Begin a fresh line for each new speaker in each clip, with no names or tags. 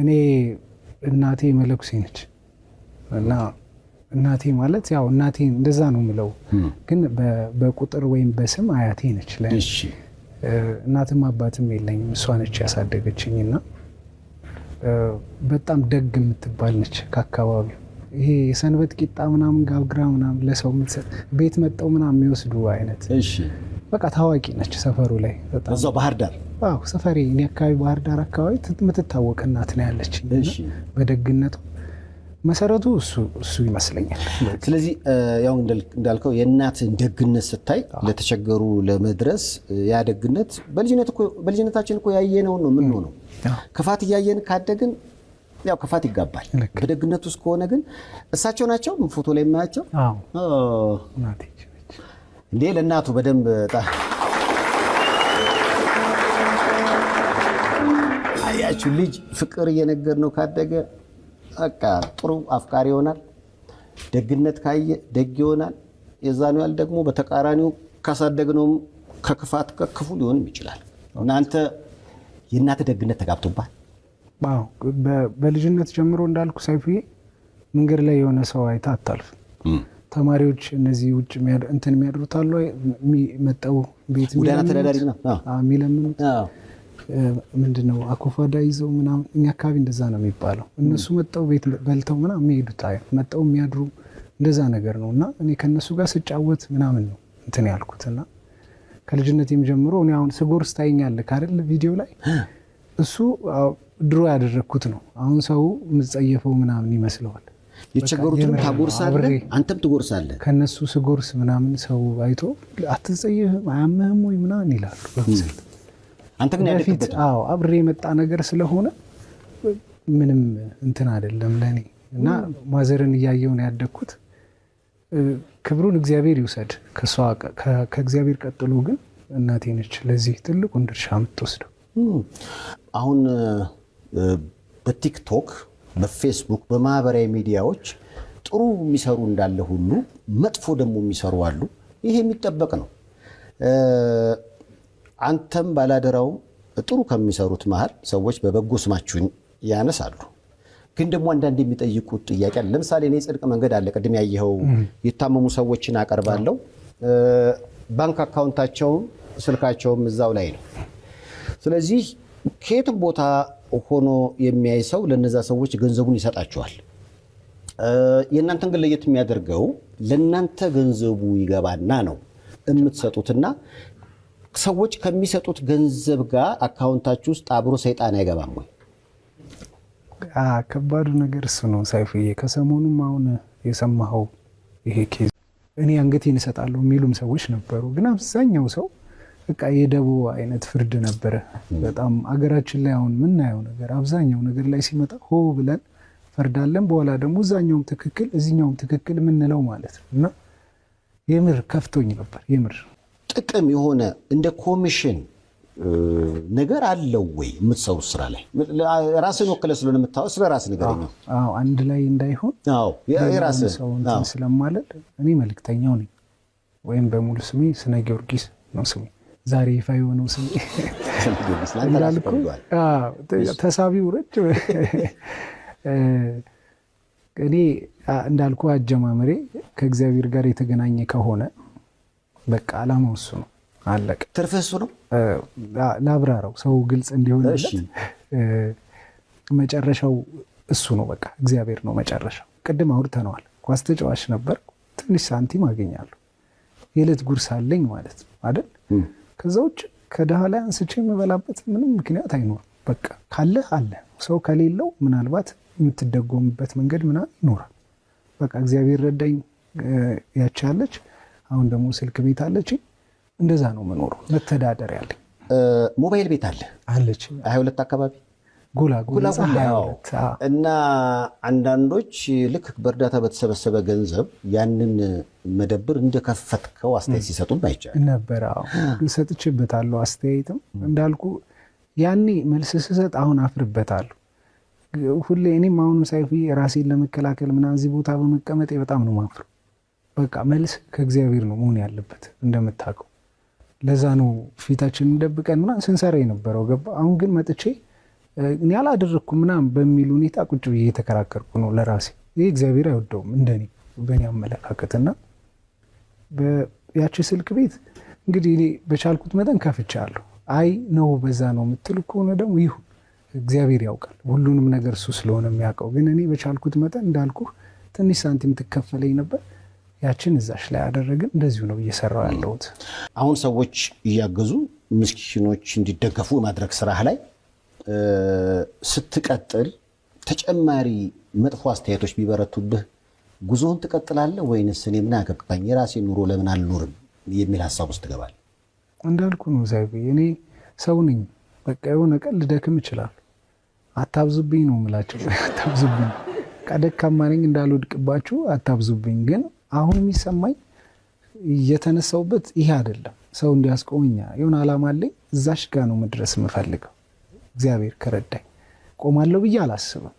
እኔ እናቴ መለኩሴ ነች እና እናቴ ማለት ያው እናቴ እንደዛ ነው የምለው፣ ግን በቁጥር ወይም በስም አያቴ ነች። እናትም አባትም የለኝም፣ እሷ ነች ያሳደገችኝ እና በጣም ደግ የምትባል ነች። ከአካባቢው ይሄ የሰንበት ቂጣ ምናምን ጋብግራ ምናምን ለሰው ቤት መጠው ምናምን የሚወስዱ አይነት በቃ ታዋቂ ነች ሰፈሩ ላይ እዛው ባህር ዳር አዎ ሰፈሪ እኔ አካባቢ ባህር ዳር አካባቢ የምትታወቅ እናት ነው ያለች በደግነቱ መሰረቱ እሱ እሱ ይመስለኛል።
ስለዚህ ያው እንዳልከው የእናትን ደግነት ስታይ ለተቸገሩ ለመድረስ ያ ደግነት በልጅነታችን እኮ ያየነውን ነው ምን ሆነው ክፋት እያየን ካደግን ያው ክፋት ይጋባል። በደግነት ውስጥ ከሆነ ግን እሳቸው ናቸው ፎቶ ላይ የማያቸው እንዴ ለእናቱ በደንብ አያችሁ። ልጅ ፍቅር እየነገር ነው ካደገ በቃ ጥሩ አፍቃሪ ይሆናል። ደግነት ካየ ደግ ይሆናል። የዛን ያህል ደግሞ በተቃራኒው ካሳደግነውም ከክፋት ከክፉ ሊሆንም ይችላል። እናንተ የእናተ ደግነት ተጋብቶባል።
በልጅነት ጀምሮ እንዳልኩ ሰይፉዬ መንገድ ላይ የሆነ ሰው አይታ አታልፍ ተማሪዎች እነዚህ ውጭ እንትን የሚያድሩት አሉ የሚመጣው ቤት ተዳዳሪ የሚለምኑት ምንድነው አኮፋዳ ይዘው ምናምን እኛ አካባቢ እንደዛ ነው የሚባለው። እነሱ መጠው ቤት በልተው ምናምን የሚሄዱት መጠው የሚያድሩ እንደዛ ነገር ነው እና እኔ ከእነሱ ጋር ስጫወት ምናምን ነው እንትን ያልኩት እና ከልጅነቴም ጀምሮ እኔ አሁን ስጎርስ ታይኛለህ አይደል ቪዲዮ ላይ እሱ ድሮ ያደረግኩት ነው። አሁን ሰው የምጸየፈው ምናምን ይመስለዋል።
የተቸገሩትንም ታጎርሳለህ፣ አንተም ትጎርሳለህ።
ከነሱ ስጎርስ ምናምን ሰው አይቶ አትጸይህም አያምህም ወይ ምናምን ይላሉ። አንተ ግን ያለፊት አብሬ የመጣ ነገር ስለሆነ ምንም እንትን አይደለም ለእኔ እና ማዘርን እያየውን ያደግኩት ክብሩን እግዚአብሔር ይውሰድ። ከእግዚአብሔር ቀጥሎ ግን እናቴ ነች ለዚህ ትልቁን ድርሻ የምትወስደው።
አሁን በቲክቶክ በፌስቡክ በማህበራዊ ሚዲያዎች ጥሩ የሚሰሩ እንዳለ ሁሉ መጥፎ ደግሞ የሚሰሩ አሉ። ይሄ የሚጠበቅ ነው። አንተም ባላደራውም ጥሩ ከሚሰሩት መሀል ሰዎች በበጎ ስማችሁን ያነሳሉ። ግን ደግሞ አንዳንድ የሚጠይቁት ጥያቄ አለ። ለምሳሌ እኔ ጽድቅ መንገድ አለ ቅድም ያየኸው የታመሙ ሰዎችን አቀርባለሁ። ባንክ አካውንታቸውም ስልካቸውም እዛው ላይ ነው። ስለዚህ ከየትም ቦታ ሆኖ የሚያይ ሰው ለነዛ ሰዎች ገንዘቡን ይሰጣቸዋል። የእናንተን ግን ለየት የሚያደርገው ለእናንተ ገንዘቡ ይገባና ነው የምትሰጡትና ሰዎች ከሚሰጡት ገንዘብ ጋር አካውንታችሁ ውስጥ አብሮ ሰይጣን አይገባም ወይ?
ከባዱ ነገር እሱ ነው ሳይፍዬ። ከሰሞኑም አሁን የሰማኸው ይሄ ኬዝ እኔ አንገቴን እሰጣለሁ የሚሉም ሰዎች ነበሩ። ግን አብዛኛው ሰው በቃ የደቡብ አይነት ፍርድ ነበረ። በጣም አገራችን ላይ አሁን ምናየው ነገር አብዛኛው ነገር ላይ ሲመጣ ሆ ብለን ፈርዳለን። በኋላ ደግሞ እዛኛውም ትክክል እዚኛውም ትክክል የምንለው ማለት ነው። እና የምር ከፍቶኝ ነበር። የምር
ጥቅም የሆነ እንደ ኮሚሽን ነገር አለው ወይ የምትሰሩ ስራ ላይ ራስን ወክለ ስለሆነ የምታወ ስለ ራስ ነገር
አንድ ላይ እንዳይሆን ሰውን ስለማለል እኔ መልክተኛው ነኝ ወይም በሙሉ ስሜ ስነ ጊዮርጊስ ነው ስሜ ዛሬ ይፋ የሆነው ስሜ ይላል ተሳቢው ረጭ እኔ እንዳልኩ አጀማመሬ ከእግዚአብሔር ጋር የተገናኘ ከሆነ በቃ አላማው እሱ ነው። አለቀ። ትርፍ እሱ ነው። ላብራራው ሰው ግልጽ እንዲሆንለት መጨረሻው እሱ ነው። በቃ እግዚአብሔር ነው መጨረሻው። ቅድም አውርተነዋል። ኳስ ተጫዋች ነበር። ትንሽ ሳንቲም አገኛለሁ የዕለት ጉርስ አለኝ ማለት ነው አይደል? ከዛ ውጭ ከድሃ ላይ አንስቼ የምበላበት ምንም ምክንያት አይኖርም። በቃ ካለህ አለ። ሰው ከሌለው ምናልባት የምትደጎምበት መንገድ ምናምን ይኖራል። በቃ እግዚአብሔር ረዳኝ ያቻለች አሁን ደግሞ ስልክ ቤት አለች። እንደዛ ነው መኖሩ መተዳደር ያለኝ ሞባይል ቤት አለ አለች
ሀያ ሁለት አካባቢ ጉላጉል እና አንዳንዶች ልክ በእርዳታ በተሰበሰበ ገንዘብ ያንን መደብር እንደከፈትከው አስተያየት ሲሰጡም አይቻልም
ነበር። ሰጥቼበታለሁ። አስተያየትም እንዳልኩ ያኔ መልስ ስሰጥ አሁን አፍርበታለሁ። ሁሌ እኔም አሁንም ሳይፊ ራሴን ለመከላከል ምናምን እዚህ ቦታ በመቀመጤ በጣም ነው ማፍረው። በቃ መልስ ከእግዚአብሔር ነው መሆን ያለበት እንደምታውቀው። ለዛ ነው ፊታችን እንደብቀን ምናምን ስንሰራ የነበረው ገባ። አሁን ግን መጥቼ እኔ አላደረግኩም ምናምን በሚል ሁኔታ ቁጭ ብዬ እየተከራከርኩ ነው ለራሴ። ይህ እግዚአብሔር አይወደውም እንደኔ በእኔ አመለካከትና ያቺ ስልክ ቤት እንግዲህ እኔ በቻልኩት መጠን ከፍቻለሁ። አይ ነው በዛ ነው የምትል ከሆነ ደግሞ ይሁን፣ እግዚአብሔር ያውቃል ሁሉንም ነገር እሱ ስለሆነ የሚያውቀው። ግን እኔ በቻልኩት መጠን እንዳልኩህ ትንሽ ሳንቲም ትከፈለኝ ነበር ያችን እዛሽ ላይ አደረግን። እንደዚሁ ነው እየሰራው ያለሁት።
አሁን ሰዎች እያገዙ ምስኪኖች እንዲደገፉ የማድረግ ስራህ ላይ ስትቀጥል ተጨማሪ መጥፎ አስተያየቶች ቢበረቱብህ ጉዞውን ትቀጥላለህ ወይንስ እኔ ምን አገባኝ የራሴ ኑሮ ለምን አልኖርም የሚል ሀሳብ ውስጥ ትገባለህ?
እንዳልኩ ነው ዛይ እኔ ሰው ነኝ። በቃ የሆነ ቀን ልደክም ይችላል። አታብዙብኝ ነው የምላቸው። አታብዙብኝ ቀደካማ ነኝ እንዳልወድቅባችሁ አታብዙብኝ። ግን አሁን የሚሰማኝ የተነሳውበት ይሄ አይደለም። ሰው እንዲያስቆመኛ የሆነ አላማ አለኝ። እዛሽ ጋ ነው መድረስ የምፈልገው እግዚአብሔር ከረዳኝ ቆማለሁ ብዬ አላስብም።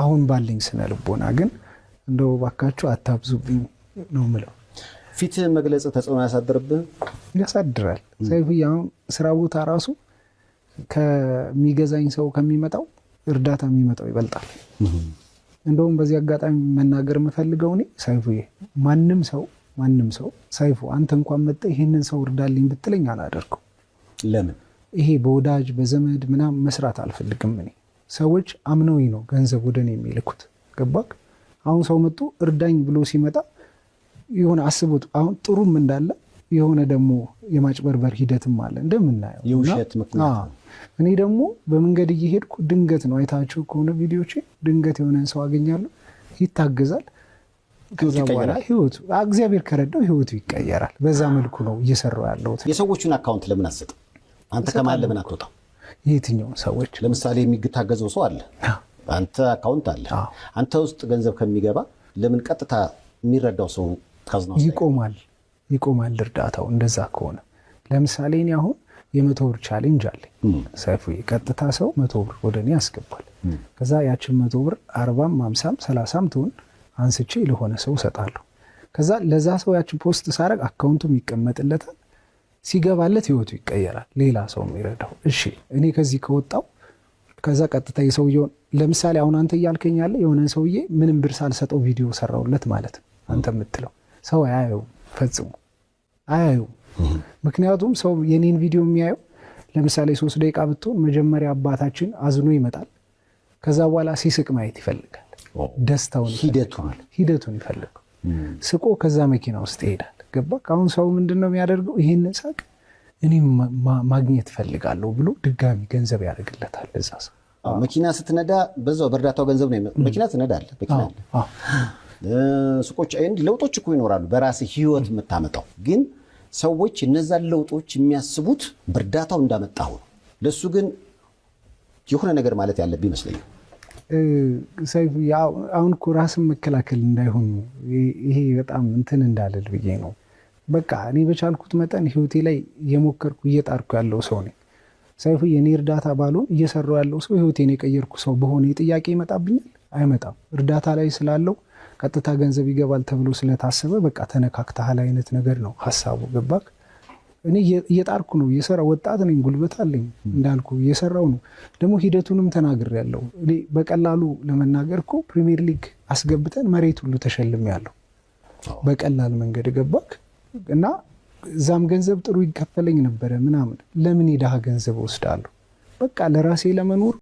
አሁን ባለኝ ስነ ልቦና ግን እንደው ባካችሁ አታብዙብኝ ነው ምለው።
ፊት መግለጽ ተጽዕኖ ያሳድርብን
ያሳድራል። ሰይፉዬ አሁን ስራ ቦታ ራሱ ከሚገዛኝ ሰው ከሚመጣው እርዳታ የሚመጣው ይበልጣል። እንደውም በዚህ አጋጣሚ መናገር የምፈልገው እኔ ሰይፉዬ፣ ማንም ሰው ማንም ሰው ሰይፉ አንተ እንኳን መጠ ይህንን ሰው እርዳልኝ ብትለኝ አላደርገው። ለምን ይሄ በወዳጅ በዘመድ ምናምን መስራት አልፈልግም። እኔ ሰዎች አምነው ነው ገንዘብ ወደ እኔ የሚልኩት። ገባክ? አሁን ሰው መጥቶ እርዳኝ ብሎ ሲመጣ የሆነ አስቦት አሁን ጥሩም እንዳለ የሆነ ደግሞ የማጭበርበር ሂደትም አለ እንደምናየው
ምክንያት።
እኔ ደግሞ በመንገድ እየሄድኩ ድንገት ነው አይታቸው ከሆነ ቪዲዮቼ ድንገት የሆነን ሰው አገኛለሁ፣ ይታገዛል። ከዛ በኋላ ህይወቱ እግዚአብሔር ከረዳው ህይወቱ ይቀየራል። በዛ መልኩ ነው እየሰራው ያለሁት።
የሰዎቹን አካውንት ለምን አሰጥ አንተ ከመሀል ለምን አትወጣም?
የትኛውን ሰዎች
ለምሳሌ የሚታገዘው ሰው አለ፣ አንተ አካውንት አለ፣ አንተ ውስጥ ገንዘብ ከሚገባ ለምን ቀጥታ የሚረዳው ሰው
ካዝና ይቆማል? ይቆማል እርዳታው። እንደዛ ከሆነ ለምሳሌ እኔ አሁን የመቶ ብር ቻሌንጅ አለ ሰፊ ቀጥታ ሰው መቶ ብር ወደ እኔ ያስገባል። ከዛ ያችን መቶ ብር አርባም ሃምሳም ሰላሳም ትሆን አንስቼ ለሆነ ሰው እሰጣለሁ። ከዛ ለዛ ሰው ያችን ፖስት ሳረግ አካውንቱ ይቀመጥለታል። ሲገባለት ህይወቱ ይቀየራል። ሌላ ሰው የሚረዳው እሺ፣ እኔ ከዚህ ከወጣው ከዛ ቀጥታ የሰውየውን ለምሳሌ አሁን አንተ እያልከኝ ያለ የሆነ ሰውዬ ምንም ብር ሳልሰጠው ቪዲዮ ሰራውለት ማለት ነው። አንተ የምትለው ሰው አያየውም፣ ፈጽሞ አያየውም። ምክንያቱም ሰው የኔን ቪዲዮ የሚያየው ለምሳሌ ሶስት ደቂቃ ብትሆን መጀመሪያ አባታችን አዝኖ ይመጣል። ከዛ በኋላ ሲስቅ ማየት ይፈልጋል። ደስታውን ሂደቱን ይፈልጋል። ስቆ ከዛ መኪና ውስጥ ይሄዳል። ገባ። አሁን ሰው ምንድን ነው የሚያደርገው? ይሄን ሳቅ እኔም ማግኘት ፈልጋለሁ ብሎ ድጋሚ ገንዘብ ያደርግለታል እዛ ሰው።
መኪና ስትነዳ በዛው በእርዳታው ገንዘብ ነው መኪና ትነዳለህ። ሱቆች ለውጦች እኮ ይኖራሉ፣ በራስ ህይወት የምታመጣው ግን ሰዎች እነዛን ለውጦች የሚያስቡት በእርዳታው እንዳመጣሁ ነው። ለእሱ ግን የሆነ ነገር ማለት ያለብህ ይመስለኛል።
አሁን እኮ ራስን መከላከል እንዳይሆኑ ይሄ በጣም እንትን እንዳለል ብዬ ነው። በቃ እኔ በቻልኩት መጠን ህይወቴ ላይ እየሞከርኩ እየጣርኩ ያለው ሰው ነኝ። ሰይፉ የእኔ እርዳታ ባልሆን እየሰራው ያለው ሰው ህይወቴን የቀየርኩ ሰው በሆነ ጥያቄ ይመጣብኛል? አይመጣም። እርዳታ ላይ ስላለው ቀጥታ ገንዘብ ይገባል ተብሎ ስለታሰበ በቃ ተነካክተሃል አይነት ነገር ነው ሀሳቡ። ገባክ? እኔ እየጣርኩ ነው የሰራ ወጣት ነኝ፣ ጉልበት አለኝ እንዳልኩ እየሰራው ነው። ደግሞ ሂደቱንም ተናግር ያለው በቀላሉ ለመናገር እኮ ፕሪሚየር ሊግ አስገብተን መሬት ሁሉ ተሸልም ያለው በቀላል መንገድ ገባክ እና እዛም ገንዘብ ጥሩ ይከፈለኝ ነበረ ምናምን። ለምን የድሃ ገንዘብ ወስዳለሁ? በቃ ለራሴ ለመኖር